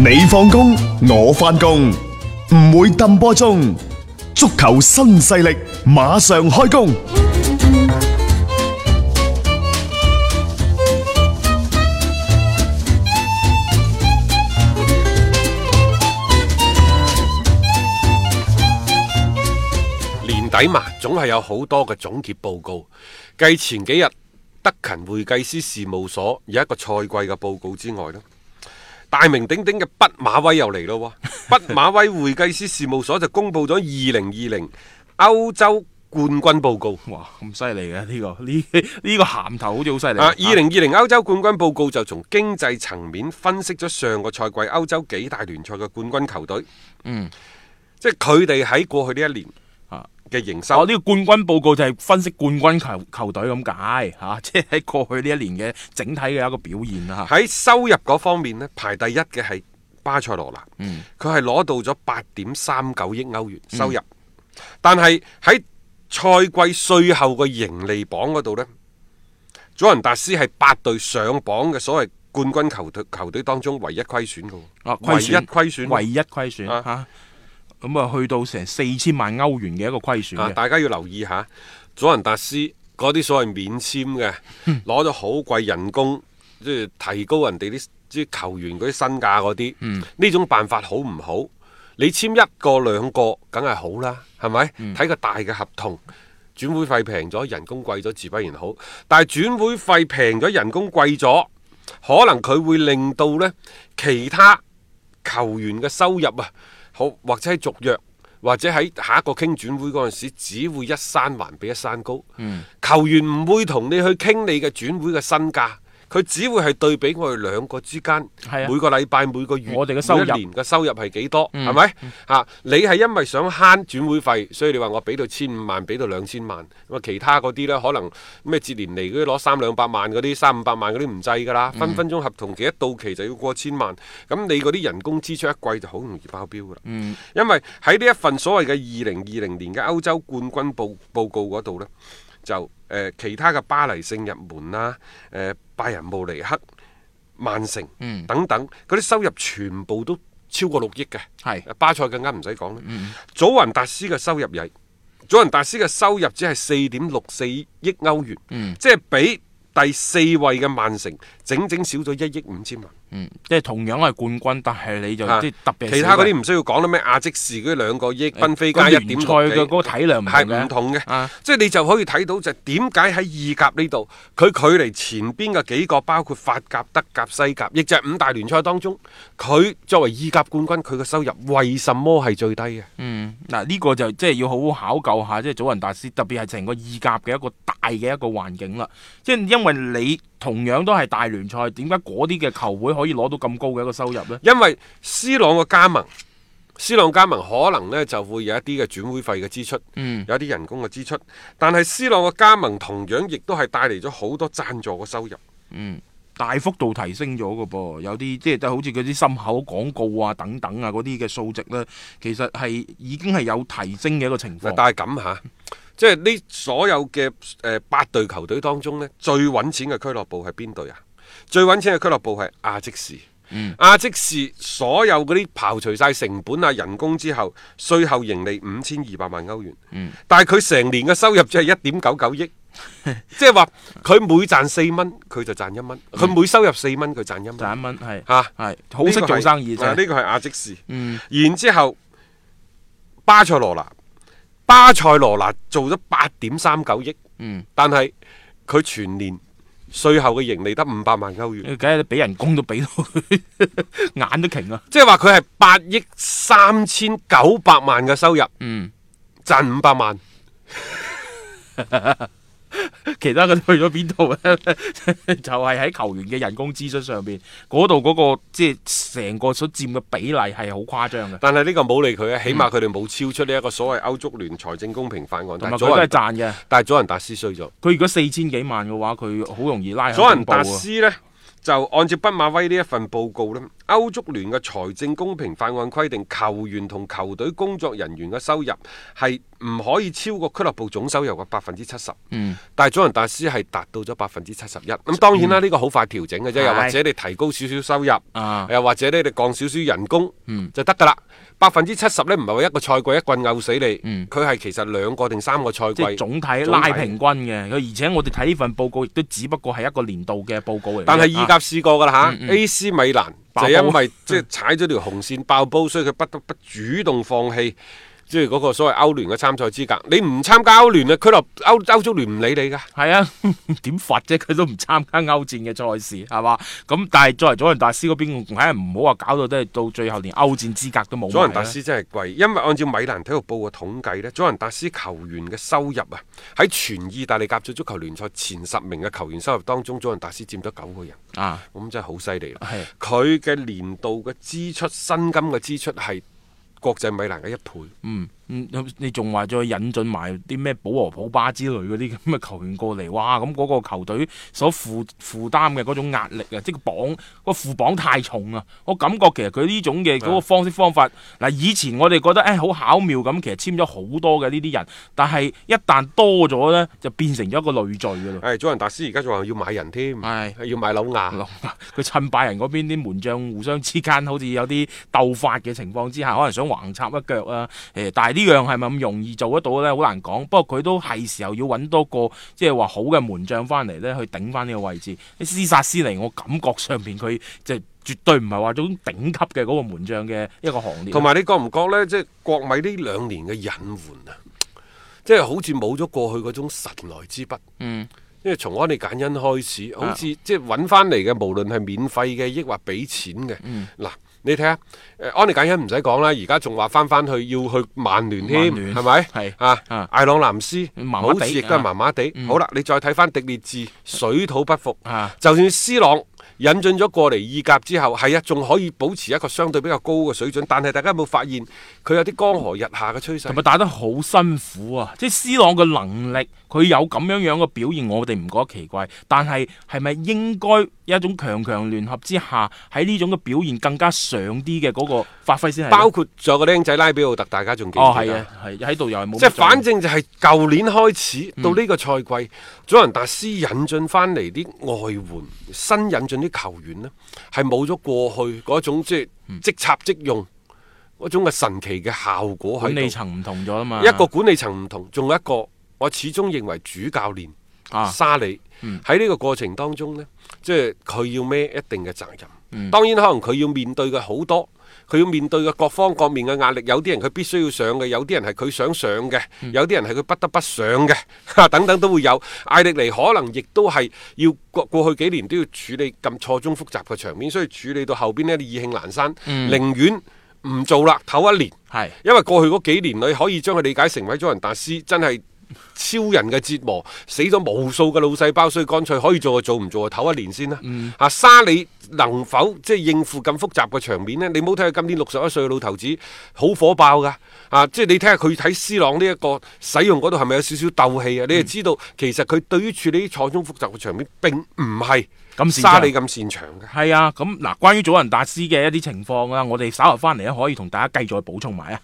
你放工，我翻工，唔會抌波中。足球新勢力馬上開工。年底嘛，總係有好多嘅總結報告。繼前幾日德勤會計師事務所有一個賽季嘅報告之外咧。大名鼎鼎嘅畢馬威又嚟咯，畢馬威會計師事務所就公布咗二零二零歐洲冠軍報告。哇，咁犀利嘅？呢個呢呢、呢個銜、呢個頭好似好犀利。啊，二零二零歐洲冠軍報告就從經濟層面分析咗上個賽季歐洲幾大聯賽嘅冠軍球隊。嗯，即係佢哋喺過去呢一年。.嘅營收，呢、哦，這個冠軍報告就係分析冠軍球球隊咁解吓，即係喺過去呢一年嘅整體嘅一個表現啦。喺收入嗰方面呢，排第一嘅係巴塞羅那，佢係攞到咗八點三九億歐元收入，嗯、但係喺賽季最後嘅盈利榜嗰度呢，祖雲達斯係八隊上榜嘅所謂冠軍球隊球隊當中唯一虧損嘅，啊、唯一虧損，唯一虧損。咁啊，去到成四千萬歐元嘅一個虧損嘅，大家要留意下。祖雲達斯嗰啲所謂免簽嘅，攞咗好貴人工，即係、嗯、提高人哋啲即係球員嗰啲身價嗰啲，呢、嗯、種辦法好唔好？你簽一個兩個，梗係好啦，係咪？睇、嗯、個大嘅合同，轉會費平咗，人工貴咗，自不然好。但係轉會費平咗，人工貴咗，可能佢會令到呢其他球員嘅收入啊。好或者喺續約，或者喺下一個傾轉會嗰陣時，只會一山還比一山高。嗯、球員唔會同你去傾你嘅轉會嘅身價。佢只會係對比我哋兩個之間，啊，每個禮拜，每個月我哋嘅收入，一年嘅收入係幾多，係咪？嚇，你係因為想慳轉會費，所以你話我俾到千五萬，俾到兩千萬。咁啊，其他嗰啲呢？可能咩捷連嚟嗰啲攞三兩百萬，嗰啲三五百萬嗰啲唔制㗎啦。嗯、分分鐘合同期一到期就要過千萬，咁你嗰啲人工支出一季就好容易爆標㗎啦。嗯、因為喺呢一份所謂嘅二零二零年嘅歐洲冠軍報報告嗰度呢。就誒、呃、其他嘅巴黎聖日門啦，誒、呃、拜仁慕尼黑、曼城、嗯、等等，嗰啲收入全部都超過六億嘅。係是巴塞更加唔使講啦。祖雲達斯嘅收入係，祖雲達斯嘅收入只係四點六四億歐元，嗯、即係比第四位嘅曼城。整整少咗一億五千萬，嗯，即係同樣係冠軍，但係你就啲、啊、特別其他嗰啲唔需要講到咩亞積士嗰啲兩個億，奔、欸、飛加一點，聯賽嘅嗰個體量唔係唔同嘅，同啊、即係你就可以睇到就點解喺意甲呢度，佢距離前邊嘅幾個包括法甲、德甲、西甲，亦就係五大聯賽當中，佢作為意甲冠軍，佢嘅收入為什麼係最低嘅？嗯，嗱呢、啊這個就即係要好好考究下即係祖雲達斯，特別係成個意甲嘅一個大嘅一個環境啦，即係因為你同樣都係大聯。聯賽點解嗰啲嘅球會可以攞到咁高嘅一個收入呢？因為 C 朗嘅加盟，C 朗加盟可能呢就會有一啲嘅轉會費嘅支出，嗯，有啲人工嘅支出，但係 C 朗嘅加盟同樣亦都係帶嚟咗好多贊助嘅收入，嗯，大幅度提升咗嘅噃。有啲即係好似嗰啲心口廣告啊等等啊嗰啲嘅數值呢，其實係已經係有提升嘅一個情況。但係咁吓，即係呢所有嘅誒、呃、八隊球隊當中呢，最揾錢嘅俱樂部係邊隊啊？最揾錢嘅俱樂部係阿積士，阿積士所有嗰啲刨除晒成本啊、人工之後，稅後盈利五千二百萬歐元，但係佢成年嘅收入只係一點九九億，即係話佢每賺四蚊佢就賺一蚊，佢每收入四蚊佢賺一蚊，賺一蚊，係吓係好識做生意。呢個係阿積士，然之後巴塞羅那，巴塞羅那做咗八點三九億，但係佢全年。稅後嘅盈利得五百萬歐元，梗係俾人工都俾到，佢， 眼都窮啦、啊。即係話佢係八億三千九百萬嘅收入，嗯，賺五百萬。 其他嘅去咗邊度咧？ 就係喺球員嘅人工支出上邊，嗰度嗰個即係成個所佔嘅比例係好誇張嘅。但係呢個冇理佢啊，起碼佢哋冇超出呢一個所謂歐足聯財政公平法案。同埋佢都係賺嘅。但係祖雲達斯衰咗。佢如果四千幾萬嘅話，佢好容易拉。祖雲達斯咧。就按照畢馬威呢一份報告咧，歐足聯嘅財政公平法案規定，球員同球隊工作人員嘅收入係唔可以超過俱樂部總收入嘅百分之七十。嗯、但係祖雲達斯係達到咗百分之七十一。咁、嗯、當然啦，呢、呢個好快調整嘅啫，又是或者你提高少少收入，又、啊、或者咧你降少少人工，嗯、就得噶啦。百分之七十呢，唔係我一個賽季一棍咬死你，佢係、嗯、其實兩個定三個賽季，即係總體拉平均嘅。體而且我哋睇呢份報告亦都只不過係一個年度嘅報告嚟。但係意甲試過噶啦 AC 米蘭、嗯嗯、就因為即係煲踩咗條紅線爆煲，所以佢不得不主動放棄。即係嗰個所謂歐聯嘅參賽資格，你唔參加歐聯啊，佢落歐歐足聯唔理你噶。係啊，點罰啫？佢都唔參加歐戰嘅賽事，係嘛？咁但係作為祖雲達斯嗰邊，係唔好話搞到都係到最後連歐戰資格都冇。祖雲達斯真係貴，因為按照米蘭體育報嘅統計咧，祖雲達斯球員嘅收入啊，喺全意大利甲組足球聯賽前十名嘅球員收入當中，祖雲達斯佔咗九個人。啊，咁真係好犀利。係佢嘅年度嘅支出，薪金嘅支出係。國際米蘭嘅一倍。嗯，嗯，你仲話再引進埋啲咩保和、普巴之類嗰啲咁嘅球員過嚟，哇！咁嗰個球隊所負負擔嘅嗰種壓力啊，即係榜，個負榜太重啊！我感覺其實佢呢種嘅嗰、嗰個方式方法，嗱的以前我哋覺得誒好、哎、巧妙咁，其實簽咗好多嘅呢啲人，但係一旦多咗咧，就變成咗一個累贅㗎啦。係、哎，祖雲達斯而家仲話要買人添，係的要買老牙，佢趁拜仁嗰邊啲門將互相之間好似有啲鬥法嘅情況之下，嗯、可能想橫插一腳啊，誒帶呢樣係咪咁容易做得到呢？好難講。不過佢都係時候要揾多個，即係話好嘅門將翻嚟呢，去頂翻呢個位置。你施薩斯嚟，我感覺上面佢就絕對唔係話種頂級嘅嗰個門將嘅一個行列。同埋，你覺唔覺呢？即係國米呢兩年嘅隱瞞啊！即係好似冇咗過去嗰種神來之筆。嗯。因為從安利簡恩開始，好似、啊、即係揾翻嚟嘅，無論係免費嘅，抑或俾錢嘅。嗱、嗯。你睇下，安妮簡恩唔使講啦，而家仲話翻翻去要去曼聯添，係咪聯？係是啊，啊，艾朗藍斯好似亦都係麻麻地。好啦，你再睇翻迪列治，水土不服。啊、就算 C 朗引進咗過嚟意甲之後，係啊，仲可以保持一個相對比較高嘅水準。但係大家有冇發現佢有啲江河日下嘅趨勢？係咪、嗯？打得好辛苦啊！即係 C 朗嘅能力，佢有咁樣樣嘅表現，我哋唔覺得奇怪。但係係咪應該？一種強強聯合之下，喺呢種嘅表現更加上啲嘅嗰個發揮先包括咗個靚仔拉比奧特，大家仲記得、哦、啊？係啊，係喺度又係冇。即係反正就係舊年開始到呢個賽季，嗯、祖雲達斯引進翻嚟啲外援，新引進啲球員咧，係冇咗過去嗰種即係即插即用嗰、嗯、種嘅神奇嘅效果喺度。管理層唔同咗啦嘛，一個管理層唔同，仲有一個我始終認為主教練。沙里喺呢個過程當中呢，即係佢要孭一定嘅責任。嗯、當然可能佢要面對嘅好多，佢要面對嘅各方各面嘅壓力。有啲人佢必須要上嘅，有啲人係佢想上嘅，嗯、有啲人係佢不得不上嘅， 等等都會有。艾力尼可能亦都係要過去幾年都要處理咁錯綜複雜嘅場面，所以處理到後邊啲意興闌珊，寧願唔做啦，唞一年。係是因為過去嗰幾年你可以將佢理解成為咗人大師，真係。超人嘅折磨，死咗無數嘅腦細胞，所以乾脆可以做就做，唔做就唞一年先啦。嗯、啊，沙利能否即係應付咁複雜嘅場面呢？你冇睇下今年六十一歲嘅老頭子好火爆噶，啊，即係你睇下佢睇斯朗呢、這、一個使用嗰度係咪有少少鬥氣啊？嗯、你就知道其實佢對於處理啲錯綜複雜嘅場面並、嗯，並唔係咁沙利咁擅長嘅。係、嗯、啊，咁、嗯、嗱，關於祖雲達斯嘅一啲情況啊，我哋稍後翻嚟可以同大家繼續去補充埋啊。